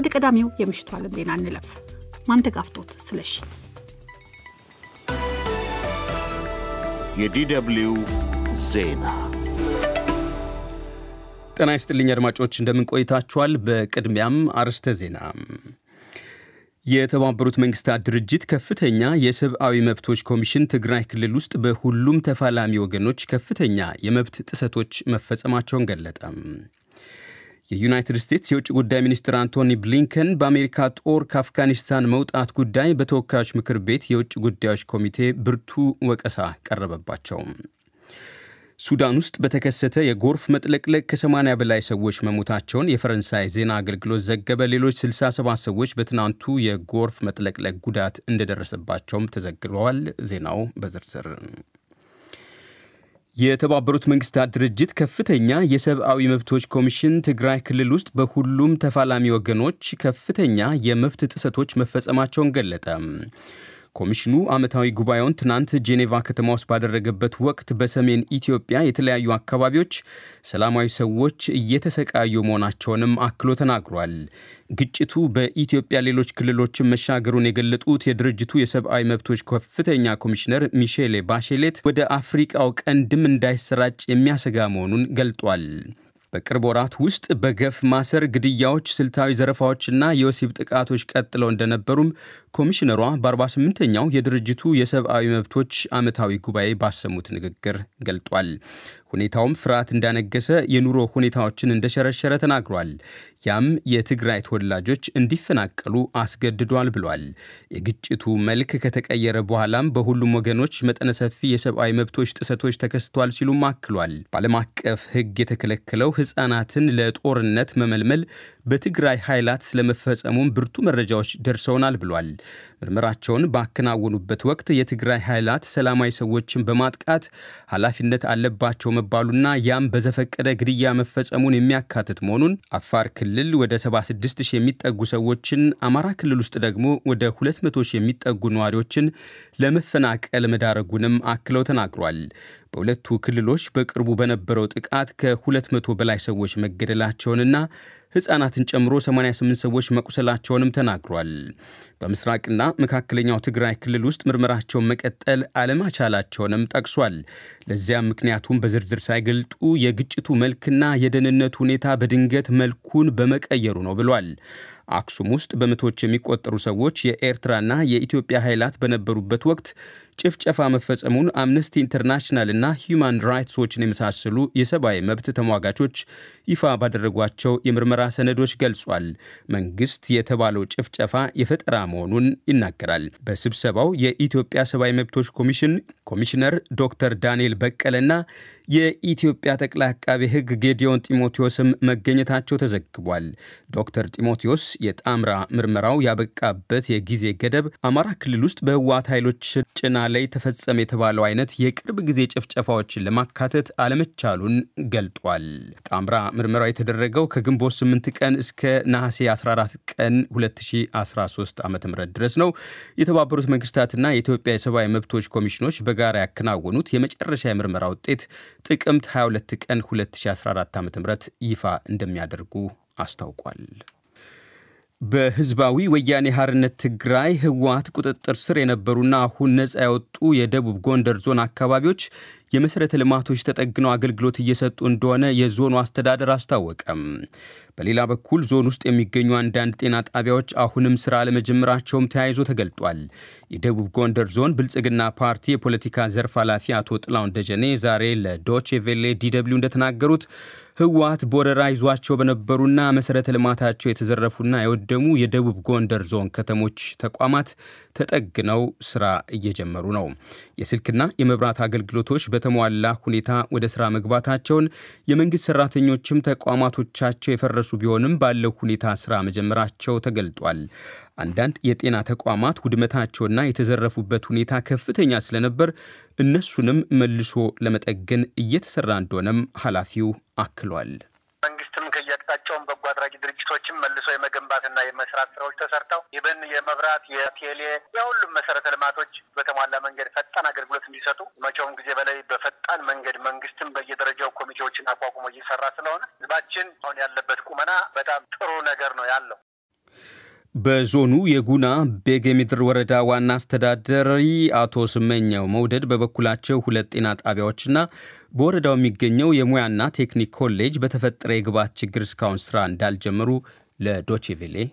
ወደ ቀዳሚው የምሽቱ ዓለም ዜና እንለፍ። ማን ተጋፍቶት ስለሺ የዲደብሊው ዜና ጤና ይስጥልኝ አድማጮች፣ እንደምን ቆይታችኋል? በቅድሚያም አርስተ ዜና የተባበሩት መንግስታት ድርጅት ከፍተኛ የሰብአዊ መብቶች ኮሚሽን ትግራይ ክልል ውስጥ በሁሉም ተፋላሚ ወገኖች ከፍተኛ የመብት ጥሰቶች መፈጸማቸውን ገለጠ። የዩናይትድ ስቴትስ የውጭ ጉዳይ ሚኒስትር አንቶኒ ብሊንከን በአሜሪካ ጦር ከአፍጋኒስታን መውጣት ጉዳይ በተወካዮች ምክር ቤት የውጭ ጉዳዮች ኮሚቴ ብርቱ ወቀሳ ቀረበባቸው። ሱዳን ውስጥ በተከሰተ የጎርፍ መጥለቅለቅ ከ80 በላይ ሰዎች መሞታቸውን የፈረንሳይ ዜና አገልግሎት ዘገበ። ሌሎች 67 ሰዎች በትናንቱ የጎርፍ መጥለቅለቅ ጉዳት እንደደረሰባቸውም ተዘግበዋል። ዜናው በዝርዝር የተባበሩት መንግስታት ድርጅት ከፍተኛ የሰብአዊ መብቶች ኮሚሽን ትግራይ ክልል ውስጥ በሁሉም ተፋላሚ ወገኖች ከፍተኛ የመብት ጥሰቶች መፈጸማቸውን ገለጠ። ኮሚሽኑ ዓመታዊ ጉባኤውን ትናንት ጄኔቫ ከተማ ውስጥ ባደረገበት ወቅት በሰሜን ኢትዮጵያ የተለያዩ አካባቢዎች ሰላማዊ ሰዎች እየተሰቃዩ መሆናቸውንም አክሎ ተናግሯል። ግጭቱ በኢትዮጵያ ሌሎች ክልሎችን መሻገሩን የገለጡት የድርጅቱ የሰብአዊ መብቶች ከፍተኛ ኮሚሽነር ሚሼሌ ባሼሌት ወደ አፍሪቃው ቀንድም እንዳይሰራጭ የሚያሰጋ መሆኑን ገልጧል። በቅርብ ወራት ውስጥ በገፍ ማሰር፣ ግድያዎች፣ ስልታዊ ዘረፋዎችና የወሲብ ጥቃቶች ቀጥለው እንደነበሩም ኮሚሽነሯ በ48ኛው የድርጅቱ የሰብአዊ መብቶች ዓመታዊ ጉባኤ ባሰሙት ንግግር ገልጧል። ሁኔታውም ፍርሃት እንዳነገሰ የኑሮ ሁኔታዎችን እንደሸረሸረ ተናግሯል። ያም የትግራይ ተወላጆች እንዲፈናቀሉ አስገድዷል ብሏል። የግጭቱ መልክ ከተቀየረ በኋላም በሁሉም ወገኖች መጠነ ሰፊ የሰብአዊ መብቶች ጥሰቶች ተከስቷል ሲሉም አክሏል። በዓለም አቀፍ ሕግ የተከለከለው ሕፃናትን ለጦርነት መመልመል በትግራይ ኃይላት ስለመፈጸሙም ብርቱ መረጃዎች ደርሰውናል ብሏል። ምርመራቸውን ባከናወኑበት ወቅት የትግራይ ኃይላት ሰላማዊ ሰዎችን በማጥቃት ኃላፊነት አለባቸው መባሉና ያም በዘፈቀደ ግድያ መፈጸሙን የሚያካትት መሆኑን አፋር ክልል ወደ 76 ሺህ የሚጠጉ ሰዎችን፣ አማራ ክልል ውስጥ ደግሞ ወደ 200 ሺህ የሚጠጉ ነዋሪዎችን ለመፈናቀል መዳረጉንም አክለው ተናግሯል። በሁለቱ ክልሎች በቅርቡ በነበረው ጥቃት ከ200 በላይ ሰዎች መገደላቸውንና ሕፃናትን ጨምሮ 88 ሰዎች መቁሰላቸውንም ተናግሯል። በምስራቅና መካከለኛው ትግራይ ክልል ውስጥ ምርመራቸውን መቀጠል አለማቻላቸውንም ጠቅሷል። ለዚያም ምክንያቱም በዝርዝር ሳይገልጡ የግጭቱ መልክና የደህንነት ሁኔታ በድንገት መልኩን በመቀየሩ ነው ብሏል። አክሱም ውስጥ በመቶዎች የሚቆጠሩ ሰዎች የኤርትራና የኢትዮጵያ ኃይላት በነበሩበት ወቅት ጭፍጨፋ መፈጸሙን አምነስቲ ኢንተርናሽናልና ሂዩማን ራይትስ ዎችን የመሳሰሉ የሰብአዊ መብት ተሟጋቾች ይፋ ባደረጓቸው የምርመራ ሰነዶች ገልጿል። መንግስት የተባለው ጭፍጨፋ የፈጠራ መሆኑን ይናገራል። በስብሰባው የኢትዮጵያ ሰብአዊ መብቶች ኮሚሽን ኮሚሽነር ዶክተር ዳንኤል በቀለና የኢትዮጵያ ጠቅላይ አቃቤ ሕግ ጌዲዮን ጢሞቴዎስም መገኘታቸው ተዘግቧል። ዶክተር ጢሞቴዎስ የጣምራ ምርመራው ያበቃበት የጊዜ ገደብ አማራ ክልል ውስጥ በህወሓት ኃይሎች ጭና ላይ ተፈጸመ የተባለው አይነት የቅርብ ጊዜ ጭፍጨፋዎችን ለማካተት አለመቻሉን ገልጧል። ጣምራ ምርመራው የተደረገው ከግንቦት 8 ቀን እስከ ነሐሴ 14 ቀን 2013 ዓ ም ድረስ ነው። የተባበሩት መንግስታትና የኢትዮጵያ የሰብአዊ መብቶች ኮሚሽኖች በጋራ ያከናወኑት የመጨረሻ የምርመራ ውጤት ጥቅምት 22 ቀን 2014 ዓ ም ይፋ እንደሚያደርጉ አስታውቋል። በህዝባዊ ወያኔ ሀርነት ትግራይ ህወሓት ቁጥጥር ስር የነበሩና አሁን ነጻ ያወጡ የደቡብ ጎንደር ዞን አካባቢዎች የመሠረተ ልማቶች ተጠግነው አገልግሎት እየሰጡ እንደሆነ የዞኑ አስተዳደር አስታወቀም። በሌላ በኩል ዞን ውስጥ የሚገኙ አንዳንድ ጤና ጣቢያዎች አሁንም ስራ ለመጀመራቸውም ተያይዞ ተገልጧል። የደቡብ ጎንደር ዞን ብልጽግና ፓርቲ የፖለቲካ ዘርፍ ኃላፊ አቶ ጥላውን ደጀኔ ዛሬ ለዶቼ ቬሌ እንደተናገሩት ህወሓት ቦረራ ይዟቸው በነበሩና መሰረተ ልማታቸው የተዘረፉና የወደሙ የደቡብ ጎንደር ዞን ከተሞች ተቋማት ተጠግነው ስራ እየጀመሩ ነው። የስልክና የመብራት አገልግሎቶች በተሟላ ሁኔታ ወደ ስራ መግባታቸውን፣ የመንግስት ሰራተኞችም ተቋማቶቻቸው የፈረሱ ቢሆንም ባለው ሁኔታ ስራ መጀመራቸው ተገልጧል። አንዳንድ የጤና ተቋማት ውድመታቸውና የተዘረፉበት ሁኔታ ከፍተኛ ስለነበር እነሱንም መልሶ ለመጠገን እየተሰራ እንደሆነም ኃላፊው አክሏል። መንግስትም ከየአቅጣጫውን በጎ አድራጊ ድርጅቶችም መልሶ የመገንባትና የመስራት ስራዎች ተሰርተው ይብን የመብራት የቴሌ የሁሉም መሰረተ ልማቶች በተሟላ መንገድ ፈጣን አገልግሎት እንዲሰጡ መቼውም ጊዜ በላይ በፈጣን መንገድ መንግስትም በየደረጃው ኮሚቴዎችን አቋቁሞ እየሰራ ስለሆነ ህዝባችን አሁን ያለበት ቁመና በጣም ጥሩ ነገር ነው ያለው። በዞኑ የጉና ምድር ወረዳ ዋና አስተዳደሪ አቶ ስመኛው መውደድ በበኩላቸው ሁለት ጤና ጣቢያዎችና በወረዳው የሚገኘው የሙያና ቴክኒክ ኮሌጅ በተፈጠረ የግብዓት ችግር እስካሁን ስራ እንዳልጀመሩ ለዶቼ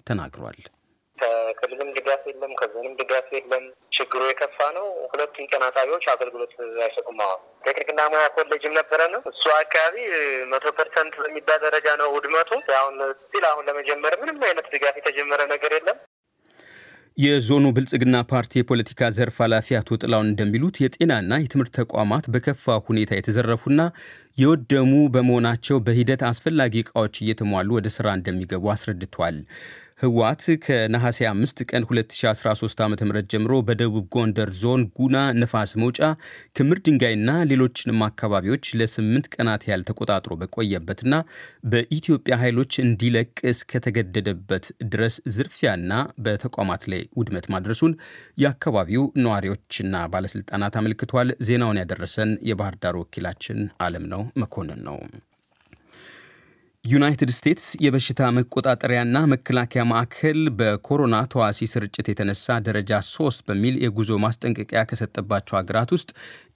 ተናግሯል። ከክልልም ድጋፍ የለም፣ ከዞንም ድጋፍ የለም። ችግሩ የከፋ ነው። ሁለቱም ጤና ጣቢያዎች አገልግሎት አይሰጡም። አሁን ቴክኒክና ሙያ ኮሌጅም ነው እሱ አካባቢ መቶ ፐርሰንት በሚባል ደረጃ ነው ውድመቱ። አሁን ስቲል አሁን ለመጀመር ምንም አይነት ድጋፍ የተጀመረ ነገር የለም። የዞኑ ብልጽግና ፓርቲ የፖለቲካ ዘርፍ ኃላፊ አቶ ጥላውን እንደሚሉት የጤናና የትምህርት ተቋማት በከፋ ሁኔታ የተዘረፉና የወደሙ በመሆናቸው በሂደት አስፈላጊ እቃዎች እየተሟሉ ወደ ስራ እንደሚገቡ አስረድቷል። ህወሓት ከነሐሴ 5 ቀን 2013 ዓ ም ጀምሮ በደቡብ ጎንደር ዞን ጉና ነፋስ መውጫ ክምር ድንጋይና ሌሎችንም አካባቢዎች ለስምንት ቀናት ያህል ተቆጣጥሮ በቆየበትና በኢትዮጵያ ኃይሎች እንዲለቅ እስከተገደደበት ድረስ ዝርፊያና በተቋማት ላይ ውድመት ማድረሱን የአካባቢው ነዋሪዎችና ባለስልጣናት አመልክቷል። ዜናውን ያደረሰን የባህር ዳር ወኪላችን አለም ነው መኮንን ነው። ዩናይትድ ስቴትስ የበሽታ መቆጣጠሪያና መከላከያ ማዕከል በኮሮና ተዋሲ ስርጭት የተነሳ ደረጃ ሶስት በሚል የጉዞ ማስጠንቀቂያ ከሰጠባቸው ሀገራት ውስጥ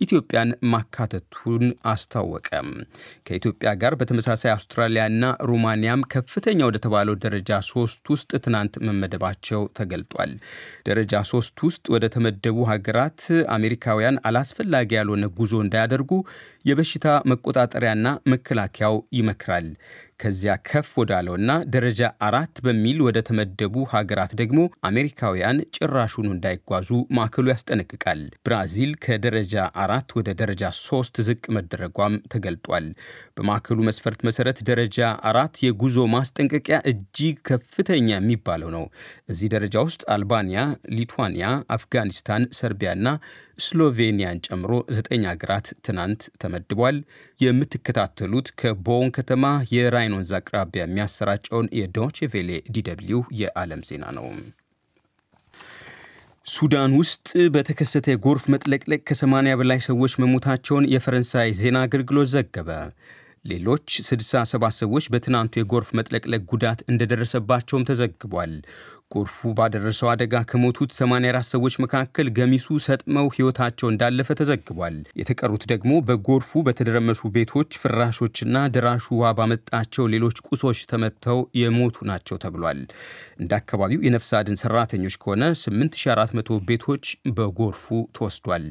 ኢትዮጵያን ማካተቱን አስታወቀ። ከኢትዮጵያ ጋር በተመሳሳይ አውስትራሊያና ሩማንያም ከፍተኛ ወደ ተባለው ደረጃ ሶስት ውስጥ ትናንት መመደባቸው ተገልጧል። ደረጃ ሶስት ውስጥ ወደ ተመደቡ ሀገራት አሜሪካውያን አላስፈላጊ ያልሆነ ጉዞ እንዳያደርጉ የበሽታ መቆጣጠሪያና መከላከያው ይመክራል። ከዚያ ከፍ ወዳለውና ደረጃ አራት በሚል ወደ ተመደቡ ሀገራት ደግሞ አሜሪካውያን ጭራሹኑ እንዳይጓዙ ማዕከሉ ያስጠነቅቃል። ብራዚል ከደረጃ አራት ወደ ደረጃ ሶስት ዝቅ መደረጓም ተገልጧል። በማዕከሉ መስፈርት መሰረት ደረጃ አራት የጉዞ ማስጠንቀቂያ እጅግ ከፍተኛ የሚባለው ነው። እዚህ ደረጃ ውስጥ አልባንያ፣ ሊቱዋንያ፣ አፍጋኒስታን፣ ሰርቢያና ስሎቬኒያን ጨምሮ ዘጠኝ ሀገራት ትናንት ተመድቧል። የምትከታተሉት ከቦን ከተማ የራይን ወንዝ አቅራቢያ የሚያሰራጨውን የዶቼ ቬሌ ዲደብሊው የዓለም ዜና ነው። ሱዳን ውስጥ በተከሰተ የጎርፍ መጥለቅለቅ ከ80 በላይ ሰዎች መሞታቸውን የፈረንሳይ ዜና አገልግሎት ዘገበ። ሌሎች 67 ሰዎች በትናንቱ የጎርፍ መጥለቅለቅ ጉዳት እንደደረሰባቸውም ተዘግቧል። ጎርፉ ባደረሰው አደጋ ከሞቱት 84 ሰዎች መካከል ገሚሱ ሰጥመው ሕይወታቸው እንዳለፈ ተዘግቧል። የተቀሩት ደግሞ በጎርፉ በተደረመሱ ቤቶች፣ ፍራሾችና ድራሹ ውሃ ባመጣቸው ሌሎች ቁሶች ተመተው የሞቱ ናቸው ተብሏል። እንደ አካባቢው የነፍስ አድን ሰራተኞች ከሆነ 8400 ቤቶች በጎርፉ ተወስዷል።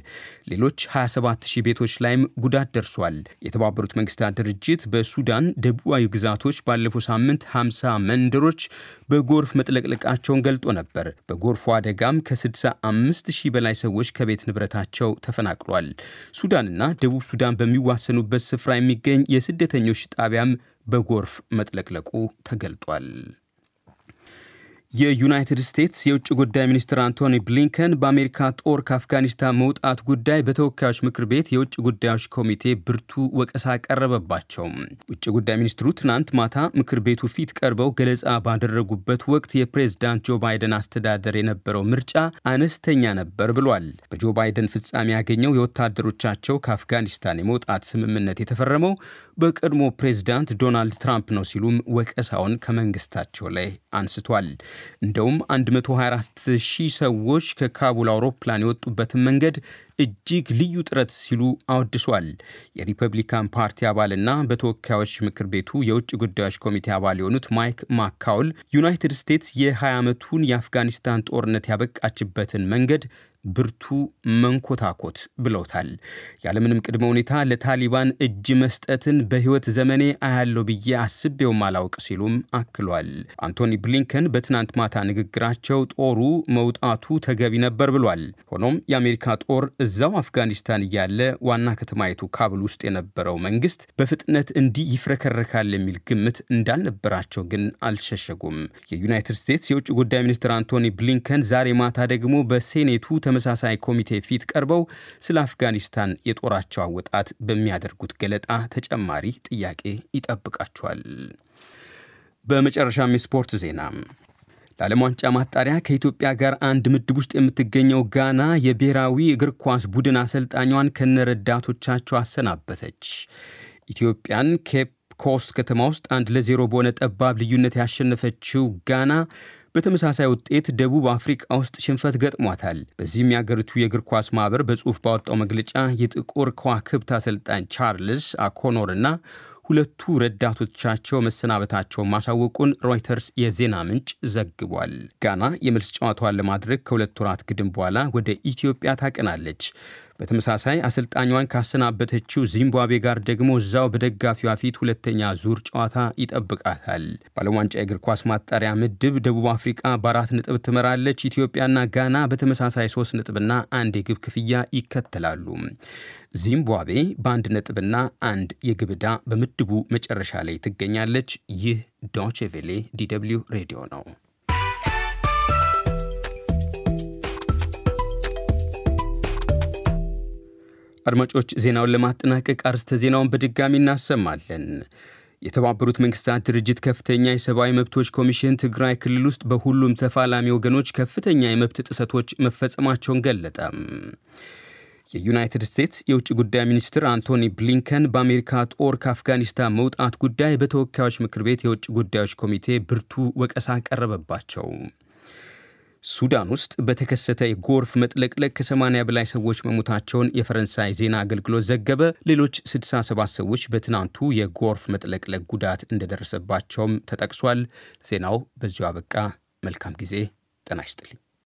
ሌሎች 27000 ቤቶች ላይም ጉዳት ደርሷል። የተባበሩት መንግስታት ድርጅት በሱዳን ደቡባዊ ግዛቶች ባለፈው ሳምንት 50 መንደሮች በጎርፍ መጥለቅለቃቸው መሆናቸውን ገልጦ ነበር። በጎርፉ አደጋም ከ65 ሺህ በላይ ሰዎች ከቤት ንብረታቸው ተፈናቅሏል። ሱዳንና ደቡብ ሱዳን በሚዋሰኑበት ስፍራ የሚገኝ የስደተኞች ጣቢያም በጎርፍ መጥለቅለቁ ተገልጧል። የዩናይትድ ስቴትስ የውጭ ጉዳይ ሚኒስትር አንቶኒ ብሊንከን በአሜሪካ ጦር ከአፍጋኒስታን መውጣት ጉዳይ በተወካዮች ምክር ቤት የውጭ ጉዳዮች ኮሚቴ ብርቱ ወቀሳ ቀረበባቸው። ውጭ ጉዳይ ሚኒስትሩ ትናንት ማታ ምክር ቤቱ ፊት ቀርበው ገለጻ ባደረጉበት ወቅት የፕሬዝዳንት ጆ ባይደን አስተዳደር የነበረው ምርጫ አነስተኛ ነበር ብሏል። በጆ ባይደን ፍጻሜ ያገኘው የወታደሮቻቸው ከአፍጋኒስታን የመውጣት ስምምነት የተፈረመው በቀድሞ ፕሬዝዳንት ዶናልድ ትራምፕ ነው ሲሉም ወቀሳውን ከመንግስታቸው ላይ አንስቷል። እንደውም 124000 ሰዎች ከካቡል አውሮፕላን የወጡበትን መንገድ እጅግ ልዩ ጥረት ሲሉ አወድሷል። የሪፐብሊካን ፓርቲ አባልና በተወካዮች ምክር ቤቱ የውጭ ጉዳዮች ኮሚቴ አባል የሆኑት ማይክ ማካውል ዩናይትድ ስቴትስ የ20 ዓመቱን የአፍጋኒስታን ጦርነት ያበቃችበትን መንገድ ብርቱ መንኮታኮት ብለውታል። ያለምንም ቅድመ ሁኔታ ለታሊባን እጅ መስጠትን በሕይወት ዘመኔ አያለው ብዬ አስቤውም ማላውቅ ሲሉም አክሏል። አንቶኒ ብሊንከን በትናንት ማታ ንግግራቸው ጦሩ መውጣቱ ተገቢ ነበር ብሏል። ሆኖም የአሜሪካ ጦር እዛው አፍጋኒስታን እያለ ዋና ከተማይቱ ካብል ውስጥ የነበረው መንግስት በፍጥነት እንዲህ ይፍረከረካል የሚል ግምት እንዳልነበራቸው ግን አልሸሸጉም። የዩናይትድ ስቴትስ የውጭ ጉዳይ ሚኒስትር አንቶኒ ብሊንከን ዛሬ ማታ ደግሞ በሴኔቱ ተመሳሳይ ኮሚቴ ፊት ቀርበው ስለ አፍጋኒስታን የጦራቸው አወጣት በሚያደርጉት ገለጣ ተጨማሪ ጥያቄ ይጠብቃቸዋል። በመጨረሻም የስፖርት ዜና ለዓለም ዋንጫ ማጣሪያ ከኢትዮጵያ ጋር አንድ ምድብ ውስጥ የምትገኘው ጋና የብሔራዊ እግር ኳስ ቡድን አሰልጣኟን ከነረዳቶቻቸው አሰናበተች። ኢትዮጵያን ኬፕ ኮስት ከተማ ውስጥ አንድ ለዜሮ በሆነ ጠባብ ልዩነት ያሸነፈችው ጋና በተመሳሳይ ውጤት ደቡብ አፍሪካ ውስጥ ሽንፈት ገጥሟታል። በዚህም የአገሪቱ የእግር ኳስ ማህበር በጽሑፍ ባወጣው መግለጫ የጥቁር ከዋክብት አሰልጣኝ ቻርልስ አኮኖር እና ሁለቱ ረዳቶቻቸው መሰናበታቸውን ማሳወቁን ሮይተርስ የዜና ምንጭ ዘግቧል። ጋና የመልስ ጨዋታዋን ለማድረግ ከሁለት ወራት ግድም በኋላ ወደ ኢትዮጵያ ታቀናለች። በተመሳሳይ አሰልጣኟን ካሰናበተችው ዚምባብዌ ጋር ደግሞ እዛው በደጋፊዋ ፊት ሁለተኛ ዙር ጨዋታ ይጠብቃታል። በዓለም ዋንጫ የእግር ኳስ ማጣሪያ ምድብ ደቡብ አፍሪቃ በአራት ነጥብ ትመራለች። ኢትዮጵያና ጋና በተመሳሳይ ሶስት ነጥብና አንድ የግብ ክፍያ ይከተላሉ። ዚምባብዌ በአንድ ነጥብና አንድ የግብ ዕዳ በምድቡ መጨረሻ ላይ ትገኛለች። ይህ ዶቼ ቬሌ ሬዲዮ ነው። አድማጮች፣ ዜናውን ለማጠናቀቅ አርስተ ዜናውን በድጋሚ እናሰማለን። የተባበሩት መንግስታት ድርጅት ከፍተኛ የሰብአዊ መብቶች ኮሚሽን ትግራይ ክልል ውስጥ በሁሉም ተፋላሚ ወገኖች ከፍተኛ የመብት ጥሰቶች መፈጸማቸውን ገለጠ። የዩናይትድ ስቴትስ የውጭ ጉዳይ ሚኒስትር አንቶኒ ብሊንከን በአሜሪካ ጦር ከአፍጋኒስታን መውጣት ጉዳይ በተወካዮች ምክር ቤት የውጭ ጉዳዮች ኮሚቴ ብርቱ ወቀሳ ቀረበባቸው። ሱዳን ውስጥ በተከሰተ የጎርፍ መጥለቅለቅ ከ80 በላይ ሰዎች መሞታቸውን የፈረንሳይ ዜና አገልግሎት ዘገበ። ሌሎች 67 ሰዎች በትናንቱ የጎርፍ መጥለቅለቅ ጉዳት እንደደረሰባቸውም ተጠቅሷል። ዜናው በዚሁ አበቃ። መልካም ጊዜ። ጤና ይስጥልኝ።